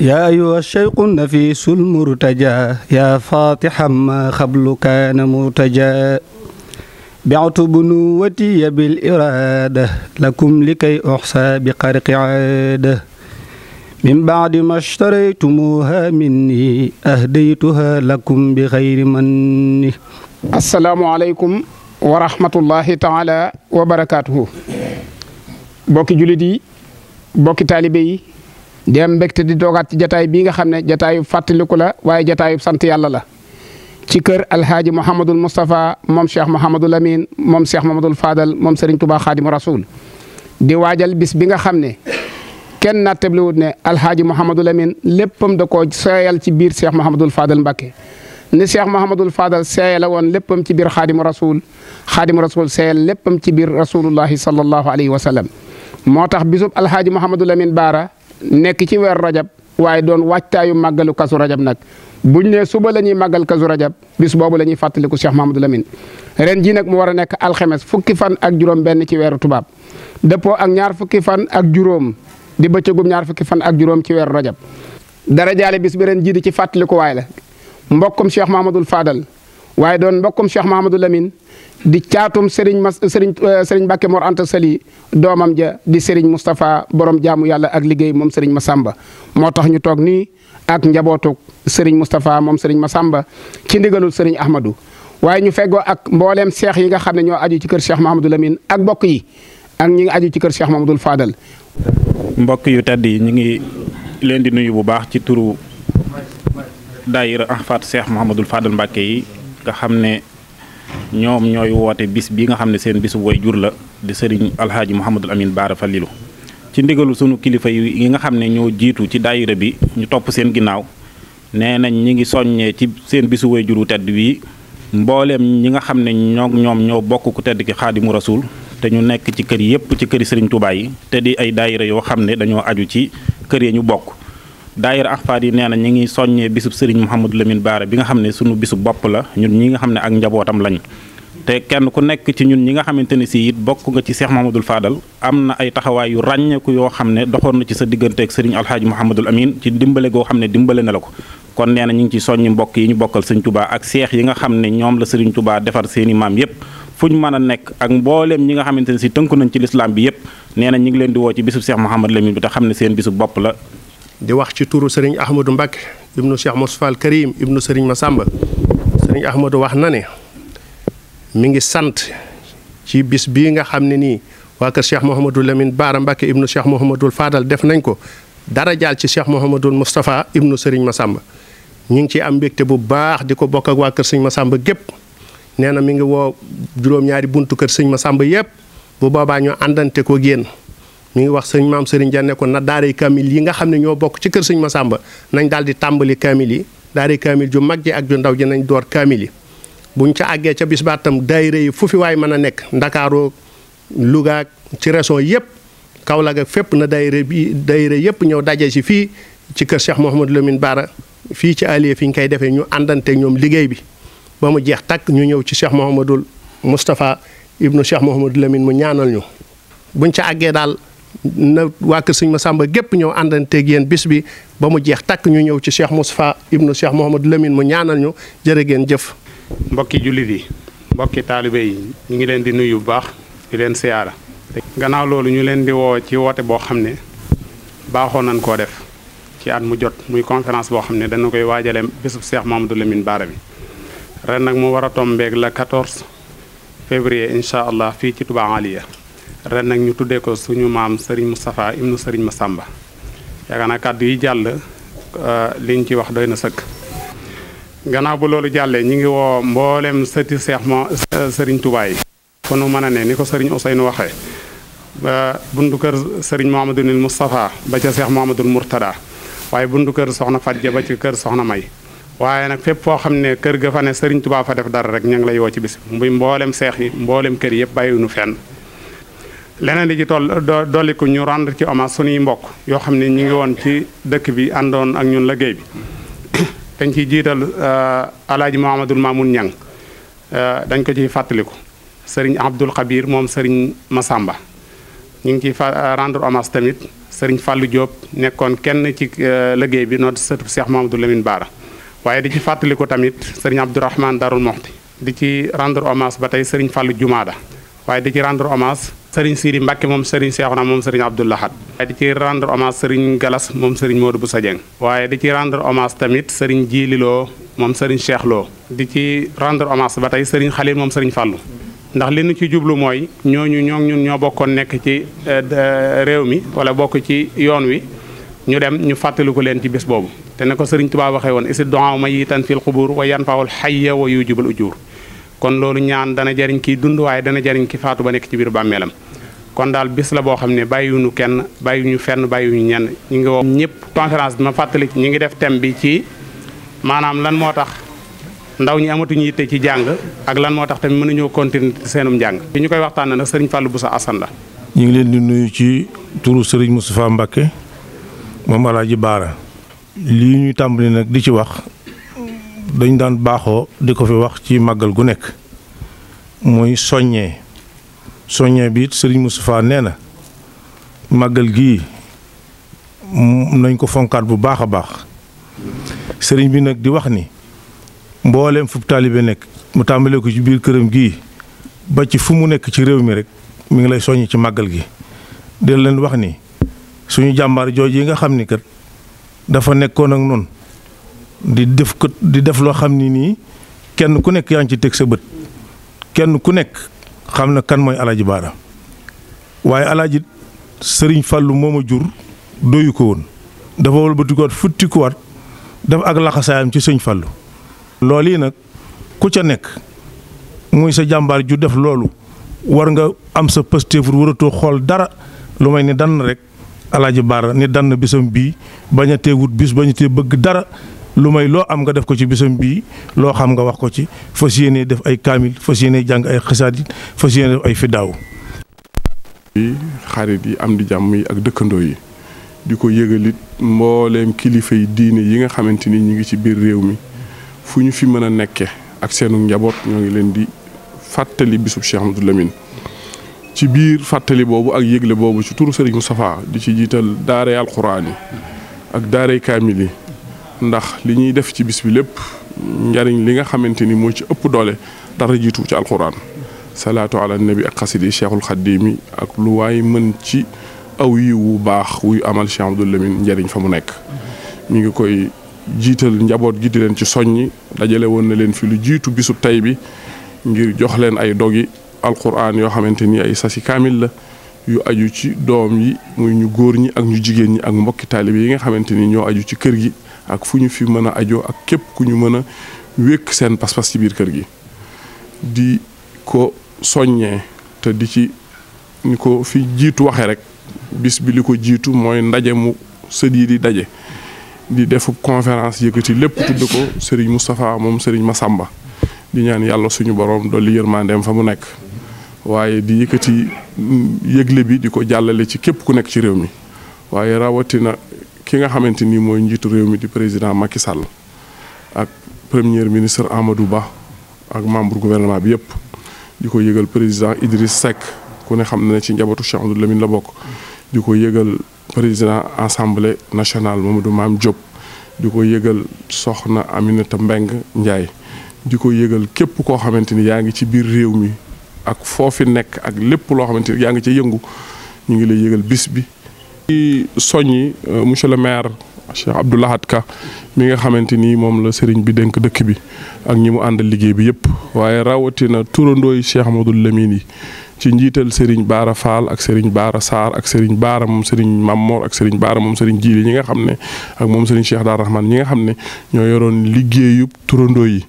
يا أيها الشيق النفيس المرتجى يا فاتحا ما قبل كان مرتجى بعت بنوتي بالإرادة لكم لكي أحصى بقرق عادة من بعد ما اشتريتموها مني أهديتها لكم بغير مني السلام عليكم ورحمة الله تعالى وبركاته بوكي جلدي بوكي طالبي dem bekté di dogat ci jotaay bi nga xamné jotaay jataayu la waye jotaay sante yàlla la ci kër alhaaji mouhamadul mustafa mom cheikh mouhamadul amin mom cheikh mamadul fadal mom serigne touba khadim rasoul di waajal bis bi nga xamné ken kenn nattabliwut ne alhaaji mouhamadul amin léppam da ko seeyal ci bir cheikh mouhamadul fadal mbake ni cheikh mouhamadul fadal seeyale won léppam ci bir khadim rasoul khadim rasoul seeyal léppam ci bir rasulullahi sallallahu alayhi wasallam motax moo tax bisub alhaaji mouhamadul amin baara nekk ci weer rajab waaye doon waajtaayu màggalu kasu rajab nag buñ ne suba la ñuy màggal kasu rajab bis boobu la ñuy fàttaliku Cheikh Mamadou Lamine ren ji nag mu war a nekk alxemes fukki fan ak juróom benn ci weeru tubaab dëppoo ak ñaar fukki fan ak juróom di bëccëgum ñaar fukki fan ak juróom ci weeru rajab dara jaale bis bi ren jii di ci fàttaliku waay la mbokkum Cheikh Mamadou Fadal waaye doon mbokkum Cheikh Mahamadou Lamine di caatum Serigne Mas eh, Serigne eh, Serigne Mbacke Mor Anta Sali doomam ja di Serigne Moustapha borom jaamu yàlla ak liggéey moom ma sàmba moo tax ñu toog nii ak njabootu Serigne Moustapha moom ma Massamba ci ndigalul sëriñ Ahmadou waaye ñu fegoo ak mbooleem seex yi nga xam ne ñoo aju ci kër Cheikh Mahamadou Lamine ak mbokk yi ak ñu nga aju ci kër Cheikh Mahamadou Fadal. mbokk yu tedd yi ñu ngi leen di nuyu bu baax ci turu daayira Ahfad Cheikh Mahamadou Fadal Mbacke yi. nga xam ne ñoom ñooy woote bis bi nga xam ne seen bisu woy jur la di sëriñ alhaaji Mouhamadul Amin Baara ci ndigalu sunu kilifa yi nga xam ne ñoo jiitu ci daayira bi ñu topp seen ginnaaw nee nañ ñi ngi soññee ci seen bisu woy juru tedd wii mbooleem ñi nga xam ne ñoo ñoom ñoo bokk ku tedd ki xaadimu rasul te ñu nekk ci kër yépp ci këri sëriñ Tuubaa yi te di ay daayira yoo xam ne dañoo aju ci kër yi ñu bokk daayira axfaat yi nee na ñi ngi soññee bisub sëriñ Mouhamadou lemin Bara bi nga xam ne sunu bisub bopp la ñun ñi nga xam ne ak njabootam lañu te kenn ku nekk ci ñun ñi nga xamante ne si it bokk nga ci seex Mouhamadou Fadal am na ay taxawaay yu ràññeeku yoo xam ne doxoon na ci sa diggante ak sëriñ Alxaaji Mouhamadul Amin ci dimbale goo xam ne dimbale na la ko kon nee na ñu ngi ci soññi mbokk yi ñu bokkal sëñ Touba ak seex yi nga xam ne ñoom la sëriñ Touba defar seeni maam yépp fu ñu mën a nekk ak mbooleem ñi xamante ne si tënku nañ ci lislaam bi yépp nee ñu ngi leen di ci bisub Cheikh Mouhamadou Lamine bi xam ne seen bisub bopp la di wax ci turu sëriñ Ahmadou Mbacke ibnu Cheikh Moustapha al Karim ibnu sëriñ Massamba sëriñ Ahmadou wax na ne mu ngi sant ci bis bii nga xam ne nii waa kër Cheikh Mouhamadou Lamine Baara Mbacke ibnu Cheikh Mouhamadou faadal def nañ ko dara jaal ci Cheikh Mouhamadou Moustapha ibnu sëriñ Massamba ñu ngi ci am mbégte bu baax di ko bokk ak waa kër sëñ Massamba gépp nee na mi ngi woo juróom-ñaari buntu kër sëñ ma sàmba yépp bu boobaa ñu àndante ko génn mu ngi wax sëñ maam sëriñ ja ne ko na daaray kaamil yi nga xam ne ñoo bokk ci kër ma Masamba nañ daal di tàmbali kaamil yi daaray kaamil ju mag ji ak ju ndaw ji nañ door kaamil yi buñ ca àggee ca bis ba tam daayira yi fu fi waay mën a nekk ndakaaroo Louga ci région yëpp Kaolack fépp na daayira bi daayira yëpp ñëw daje si fii ci kër Cheikh Mouhamadou Lamine Bara fii ci Aliou fi ñu koy defee ñu àndante ñoom liggéey bi ba mu jeex takk ñu ñëw ci Cheikh Mouhamadou Moustapha ibnu Cheikh Mouhamadou Lamine mu ñaanal ñu buñ ca àggee daal na waa kër sëñ Masamba gépp ñëw àndanteeg yéen bis bi ba mu jeex takk ñu ñëw ci Cheikh Moustapha ibnu Cheikh Mouhamadou Lamine mu ñaanal ñu jërë ngeen jëf. mbokki jullit yi mbokki taalibe yi ñu ngi leen di nuyu bu baax di leen siyaara. gannaaw loolu ñu leen di woo ci woote boo xam ne baaxoo nañ koo def ci at mu jot muy conférence boo xam ne dana koy waajale bésub Cheikh Mouhamadou Lamine Bara bi ren nag mu war a tombeeg la 14 février incha allah fii ci Touba ren nag ñu tuddee ko suñu maam Serigne Moustapha ibnu Serigne Massamba yaakaar naa kàddu yi jàll euh, liñ ci wax doy na sëkk. gannaaw bu loolu jàllee ñu ngi woo mboolem sëti seex ma Serigne Touba yi. nu mën a ne ni ko Serigne Ousseynou waxee ba buntu kër Serigne Mohamadou Nil Moustapha ba ca seex Mohamadou Mourtada waaye buntu kër Soxna Fadja ba ci kër Soxna May. waaye nag fépp foo xam ne kër ga fa ne Serigne Touba fa def dara rek ña ngi lay woo ci bis muy mboolem seex yi mboolem kër yëpp bàyyiwuñu fenn. leneen di ci toll dolli ko ñu rendre ci hommage suñuy mbokk yoo xam ne ñu ngi woon ci dëkk bi àndoon ak ñun liggéey bi dañ ciy jiital euh, alaaji Mouhamadul Mamoun Ñang euh, dañ ko ciy fàttaliku sëriñ Abdul Kabir moom sëriñ Masamba ñu ngi ciy euh, rendre hommage tamit sëriñ Fallou Diop nekkoon kenn ci liggéey bi noo sëtu Cheikh Mouhamadou Lamine Bara waaye di ci fàttaliku tamit sëriñ Abdourahman Darul Moxti di ci rendre hommage ba tey sëriñ Fallou Jumaada waaye di ci serigne siri Mbacke mom serigne Cheikhouna moom serigne Abdou had di ci rendre hommage serigne Galas mom serigne Modou bou Dieng waye di ci rendre hommage tamit serigne jililo mom serigne Cheikh Lo di ci rendre hommage batay serigne Khalil mom serigne Fallou ndax len ci djublu moy ñoñu ñok ñun ño bokkon nek ci réew mi wala bokk ci yoon wi ñu dem ñu fatelu ko len ci bés bobu te nako serigne touba waxe won woon isi ma yitan fil qubur wa yanfa'ul fawul wa yujibul ujur kon loolu ñaan dana jariñ kiy dund waaye dana jariñ ki faatu ba nekk ci biir bàmmeelam kon daal bis la boo xam ne bàyyiwuñu kenn bàyyiwuñu fenn bàyyiwuñu ñenn ñu ngi woo ñëpp conférence bi ma fàttali ñu ngi def thème bi ci maanaam lan moo tax ndaw ñi amatuñu yitte ci jàng ak lan moo tax tamit mënuñoo continuer seenum njàng. fi ñu koy waxtaanee nag sëriñ Fallou Boussa Assane la. ñu ngi leen di nuyu ci turu sëriñ Moustapha Mbacké moom El Baara. lii ñuy tàmbali ci wax dañu daan baaxoo di ko fi wax ci màggal gu nekk muy soññee soññee bi it sëriñ Moustapha nee na màggal gii nañ ko fonkaat bu baax a baax sëriñ bi nag di wax ni mbooleem fu taalibe nekk mu tàmbalee ko ci biir këram gii ba ci fu mu nekk ci réew mi rek mu ngi lay soññ ci màggal gi del leen wax ni suñu jàmbaar jooju yi nga xam ni kat dafa nekkoon ak noonu di def ko di def lo xamni ni kenn ku nek yang ci tek sa beut kenn ku nek xamna kan moy alaaji bara waye alaaji serigne fallu moma jur doyu ko won dafa ko wat def ak laxasaayam ci serigne fallu loli nak ku ca nek muy sa jambar ju def loolu war nga am sa pëstéefur waratoo xol dara lu ni dan rek alaaji bara ni dan bisam bi baña a bis baña te beug dara lu may loo am nga def ko ci bisam bii loo xam nga wax ko ci fas yéene def ay kaamil fas yéene jàng ay xasaadit fas yéene def ay fiddaaw yi xarit yi am di jàmm yi ak dëkkandoo yi di ko yëgalit mbooleem kilifa yi diine yi nga xamante ni ñi ngi ci biir réew mi fu ñu fi mën a nekke ak seenu njaboot ñoo ngi leen di fàttali bisub Cheikh Amadou Lamine ci biir fàttali boobu ak yëgle boobu ci turu Serigne Moustapha di ci jiital daaray alxuraan yi ak daaray kaamil yi ndax li ñuy def ci bis bi lépp njariñ li nga xamante ni moo ci ëpp doole dara jiitu ci alxuraan salaatu ala nabi ak xasidi cheikhul mi ak lu waay mën ci aw yi wu baax wuy amal Cheikh Abdou Lamine njariñ fa mu nekk mi ngi koy jiital njaboot gi leen ci soññi dajale woon na leen fi lu jiitu bisu tey bi ngir jox leen ay dogi alquran yoo xamante ni ay sasi kaamil la yu aju ci doom yi muy ñu góor ñi ak ñu jigéen ñi ak mbokki taalib yi nga xamante ni ñoo aju ci kër gi ak fu ñu fi mën a ajoo ak képp ku ñu mën a wékk seen pas-pas ci biir kër gi di ko soññee te di ci ni ko fi jiitu waxee rek bis bi li ko jiitu mooy ndaje mu sët yi di daje di def conférence yëkkati lépp tudd ko sëriñ Moustapha moom sëriñ Massamba di ñaan yàlla suñu borom dolli yërmandeem fa mu nekk waaye di yëkkati yëgle bi di ko jàllale ci képp ku nekk ci réew mi waaye rawatina. ki nga xamante ni mooy njiitu réew mi di président Macky Sall ak premier ministre Amadou Ba ak membre gouvernement bi yëpp di ko yëgal président Idriss Seck ku ne xam na ne ci njabootu Cheikh Amadou Lamine la bokk di ko yëgal président assemblée nationale Mamadou maam Diop di ko yëgal soxna Aminata mbeng Ndiaye di ko yëgal képp koo xamante ni yaa ngi ci biir réew mi ak foofi nekk ak lépp loo xamante ni yaa ngi ci yëngu ñu ngi lay yëgal bis bi ci soññi euh, monsieur le maire Cheikh Abdou Lahad Ka mi nga xamante ni moom la sëriñ bi dénk dëkk bi ak ñi mu àndal liggéey bi yëpp waaye rawatina turandooy Cheikh Amadou Lamine yi ci njiital sëriñ Baara Faal ak sëriñ Baara Saar ak sëriñ Baara moom sëriñ Mamor ak sëriñ Baara moom sëriñ Jiili ñi nga xam ne ak moom sëriñ Cheikh Daar Rahman ñi nga xam ne ñoo yoroon liggéeyu turandoo yi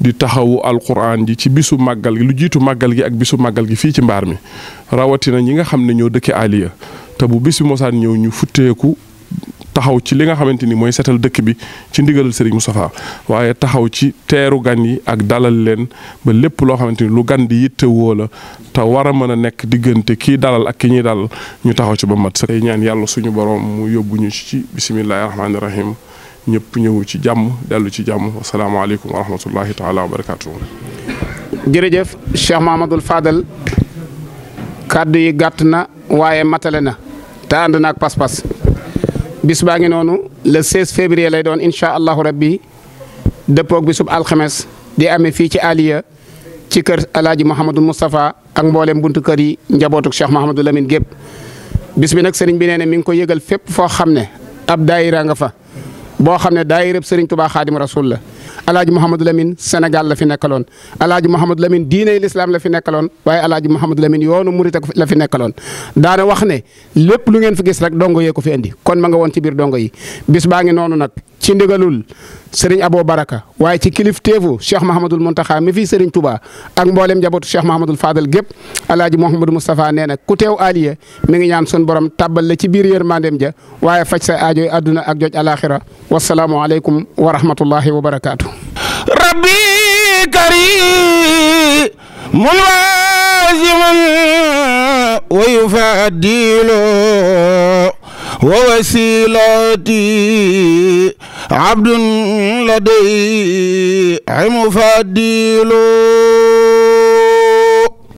di taxawu alquran ji ci bisu màggal gi lu jiitu màggal gi ak bisu màggal gi fii ci mbaar mi te bu bisi mosaan ñëw ñu futteeku taxaw ci li nga xamante ni mooy setal dëkk bi ci ndigalal Serigne Moustapha waaye taxaw ci teeru gan yi ak dalal leen ba lépp loo xamante ni lu gan di yittewoo la te war a mën a nekk diggante kii dalal ak ki ñuy dalal ñu taxaw ci ba mat sa tey ñaan yàlla suñu borom mu yóbbu ñu ci bisimilahi rahmaani rahim ñëpp ñëw ci jàmm dellu ci jàmm asalaamaaleykum wa rahmatullahi taala wa barakaatu. jërëjëf Cheikh Mahamadoul Fadal yi gàtt na waaye matale na. te ànd naag pas-pas bis baa ngi noonu le 16 février lay doon incha allahu rabbi dëppoog bisub alxames di amee fii ci Aliya ci kër alaaji Mouhamadou Moustapha ak mboolem buntu kër yi njabootuk Cheikh Mouhamadou Lamine gépp bis bi nag sëriñ bi nee ne mi ngi ko yëgal fépp foo xam ne ab daayira nga fa boo xam ne daayirab sëriñ Tuubaa Xaadimu Rasuul la alaaji Mouhamadou Lamine Sénégal la fi nekkaloon alaaji Mouhamadou Lamine diiney lislaam la fi nekkaloon waaye alaaji Mouhamadou Lamine yoonu murit la fi nekkaloon daana wax ne lépp lu ngeen fi gis rek dongo yee ko fi indi kon ma nga woon ci biir dongo yi bis baa ngi noonu nag ci ndigalul sëriñ Abo Baraka waaye ci kilifteefu Cheikh Mahamadul Muntaxa mi fii sëriñ Touba ak mboolem njabootu Cheikh Mahamadul Fadal gépp alaaji Mouhamadou Moustapha nee na ku mi ngi ñaan sun borom tàbbal la ci biir yërmandeem ja waaye faj sa aajoy àdduna ak joj alaaxira wassalaamu aleykum wa wa barakaatu. rabbi kari mulwazimun wa yufadilu ووسيلتي عبد لدي مفضل